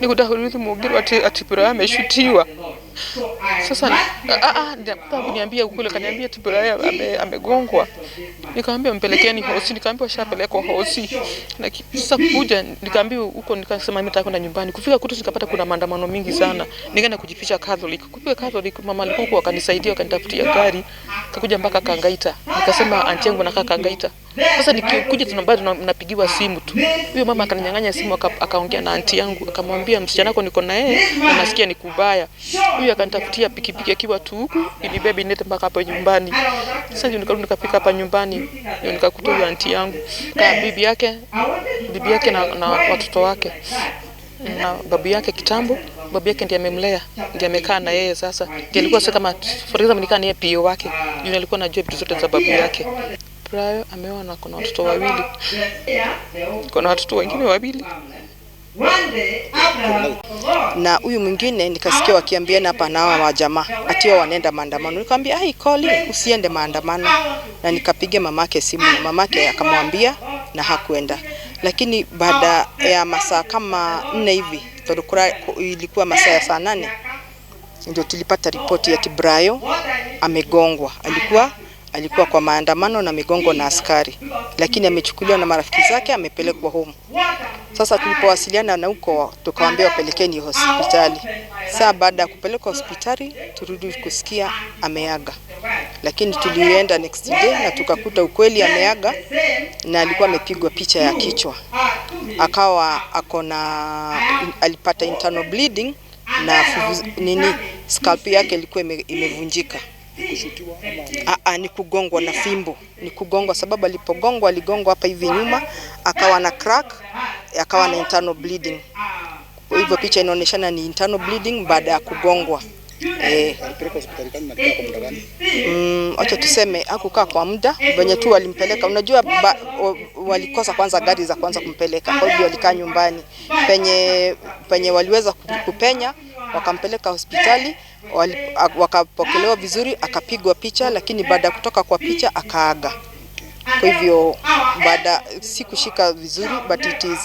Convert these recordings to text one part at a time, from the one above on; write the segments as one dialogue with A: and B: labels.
A: nikutahurithi mugiru ati atipura shutiwa sasa ah, ah, ah, kuniambia ukweli, kaniambia Tubilaya amegongwa, nikamwambia mpelekeni hosi, nikamwambia shapelekwa hosi. Na kisa kuja nikamwambia huko, nikasema mimi nataka kwenda nyumbani. Kufika kutu nikapata kuna maandamano mingi sana, nikaenda kujificha Catholic. Kufika Catholic, mama alikuwa akanisaidia, akanitafutia gari, kakuja mpaka Kangaita. Nikasema anti yangu anakaa Kangaita. Sasa nikikuja tuna bado napigiwa simu tu. Huyo mama akaninyang'anya simu, akaongea na anti yangu, akamwambia msichana wako niko na yeye, nasikia ni kubaya huyu akanitafutia pikipiki akiwa tu huku, ili ilibeba inilete mpaka hapa nyumbani. Sasa ndio nikarudi nikafika hapa nyumbani, ndio nikakuta huyu anti yangu kwa bibi yake, bibi yake na, na watoto wake na babu yake kitambo. Babu yake ndiye amemlea, ndiye amekaa na yeye sasa, ndiye alikuwa sasa kama for example nikaa na yeye PO wake, yule alikuwa anajua vitu zote za babu yake. Prayo ameoa na kuna watoto wawili, kuna watoto wengine wawili na huyu mwingine nikasikia wakiambiana hapa na hawa jamaa ati wanaenda maandamano. Nikamwambia ai, Koli usiende maandamano, na nikapiga mamake simu, mamake akamwambia na hakuenda. Lakini baada ya masaa kama nne hivi, ilikuwa masaa ya saa nane ndio tulipata ripoti ya Kibrayo amegongwa, alikuwa alikuwa kwa maandamano na migongo na askari, lakini amechukuliwa na marafiki zake amepelekwa home. Sasa tulipowasiliana na huko, tukawaambia wapelekeni hospitali. Saa baada ya kupelekwa hospitali, turudi kusikia ameaga, lakini tulienda next day na tukakuta ukweli ameaga, na alikuwa amepigwa picha ya kichwa, akawa akona, alipata internal bleeding na fuvu, nini scalp yake ilikuwa imevunjika. Aa, ah, ah, ni kugongwa na fimbo, ni kugongwa sababu alipogongwa aligongwa hapa hivi nyuma, akawa na crack, akawa na internal bleeding. Kwa hivyo picha inaonyeshana ni internal bleeding baada ya kugongwa. Eh, mm, acha tuseme hakukaa kwa muda venye tu walimpeleka. Unajua ba, o, walikosa kwanza gari za kwanza kumpeleka, kwa hivyo alikaa nyumbani penye penye waliweza kupenya, wakampeleka hospitali wakapokelewa vizuri, akapigwa picha, lakini baada ya kutoka kwa picha akaaga. Kwa hivyo baada sikushika vizuri, but it is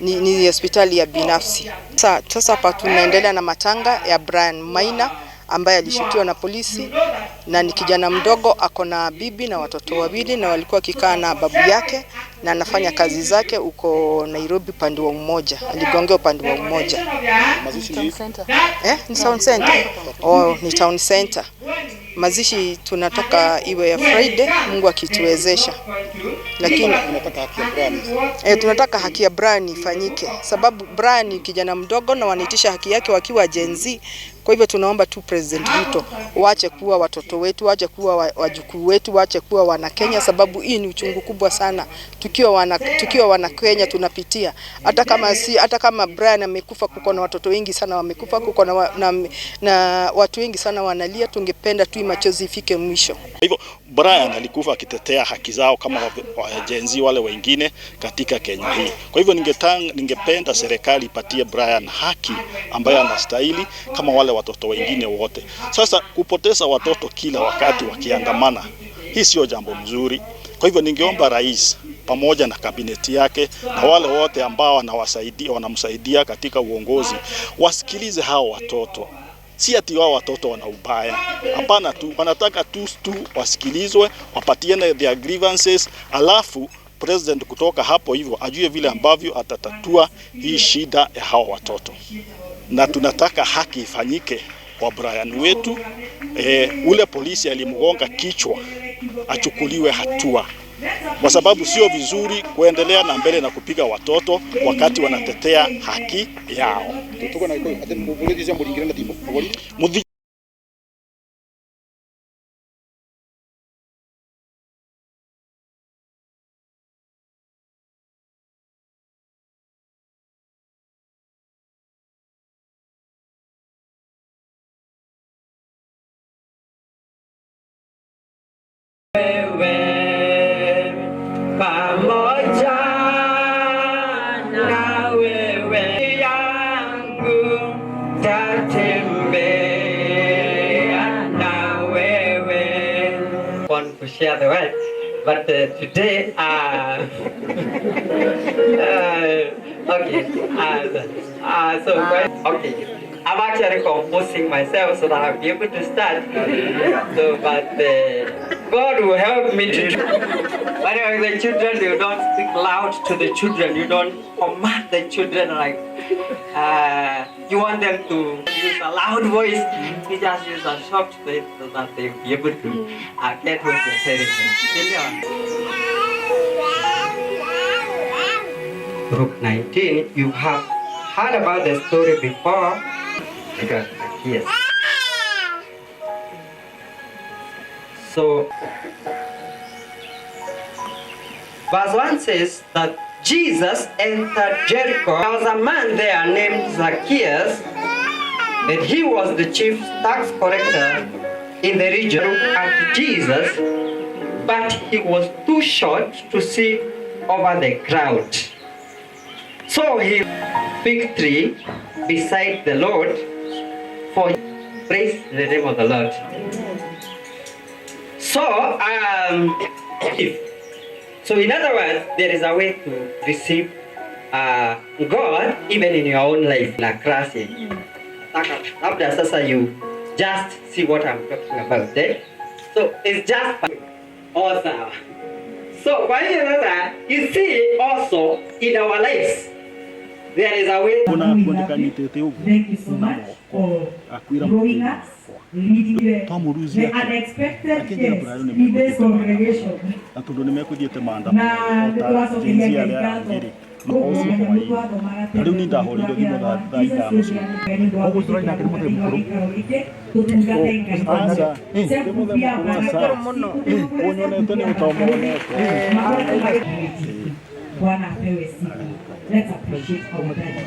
A: ni, ni hospitali ya binafsi. Sasa hapa tunaendelea na matanga ya Brian Maina ambaye alishitiwa na polisi, na ni kijana mdogo, ako na bibi na watoto wawili, na walikuwa wakikaa na babu yake, na anafanya kazi zake huko Nairobi upande wa Umoja, aligongea upande wa Umoja. Eh, ni town center. Oh, ni town center. Mazishi tunatoka iwe ya Friday, Mungu akituwezesha lakini
B: tunataka haki ya Brian.
A: Eh, tunataka haki ya Brian ifanyike, sababu Brian kijana mdogo na wanaitisha haki yake wakiwa Gen Z. Kwa hivyo tunaomba tu President Ruto waache kuwa watoto wetu, waache kuwa wajukuu wetu, waache kuwa wana Kenya, sababu hii ni uchungu kubwa sana tukiwa wana, tukiwa wana Kenya tunapitia. Hata kama si hata kama Brian amekufa, kuko na watoto wengi sana wamekufa, kuko na, na, na watu wengi sana wanalia. Tungependa tu machozi ifike mwisho
C: hivyo Brian alikufa akitetea haki zao kama wajenzi wale wengine katika Kenya hii. Kwa hivyo ningetang, ningependa serikali ipatie Brian haki ambayo anastahili kama wale watoto wengine wote. Sasa kupoteza watoto kila wakati wakiandamana, hii sio jambo mzuri. Kwa hivyo ningeomba rais pamoja na kabineti yake na wale wote ambao wanawasaidia wanamsaidia katika uongozi wasikilize hao watoto si ati wao watoto wana ubaya, hapana tu, wanataka tu tu wasikilizwe, wapatiane their grievances, alafu president kutoka hapo hivyo ajue vile ambavyo atatatua hii shida ya hawa watoto, na tunataka haki ifanyike kwa Brian wetu. E, ule polisi alimgonga kichwa achukuliwe hatua kwa sababu sio vizuri kuendelea na mbele na kupiga watoto wakati wanatetea haki yao.
A: Wewe. share the
D: words, But uh, today, uh, uh, okay, uh, uh, so okay, I'm actually composing myself so that I'll be able to start. So, but uh, God will help me to. But the children, you don't speak loud to the children. You don't command the children like uh, you want them to use a loud voice. You just use a soft voice so that they be able to uh, get what you're telling them. Group 19, you have heard about the story before. Because, yes. So, Verse 1 says that Jesus entered Jericho. There was a man there named Zacchaeus, and he was the chief tax collector in the region at Jesus, but he was too short to see over the crowd. So he picked tree beside the Lord for praise the name of the Lord. So um if So in other words, there is a way to receive uh, God even in your own life na krasi. Eh. Labda sasa you just see what I'm talking about eh? So it's just oh, awesome. So kwa hiyo sasa you see also in our lives there is a way.
E: Kuna kuonekana tete huko.
F: Thank you so much for growing us. The unexpected guest in this congregation
E: na tondu oh,
F: Bwana apewe sifa. Let's appreciate our brother.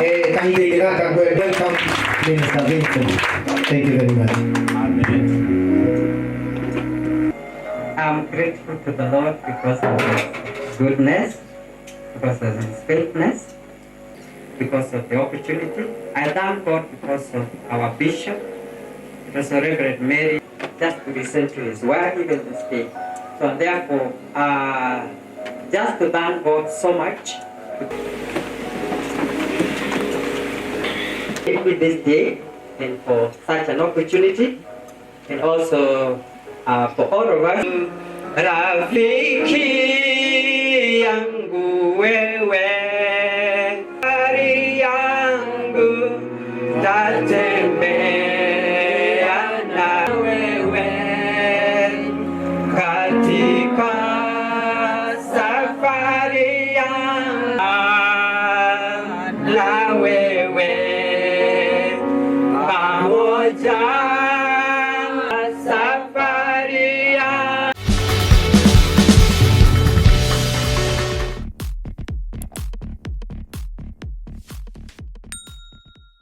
G: Eh, thank you, Welcome, Minister Vincent. Thank you very much.
H: I'm grateful to the Lord because of His goodness, because of His faithfulness, because of the opportunity. I thank God because of our Bishop, of Reverend Mary, just to listen to His word even this So therefore, uh, just to thank God so much. With this day and for such an opportunity and also uh, for all of us.
I: Rafiki yangu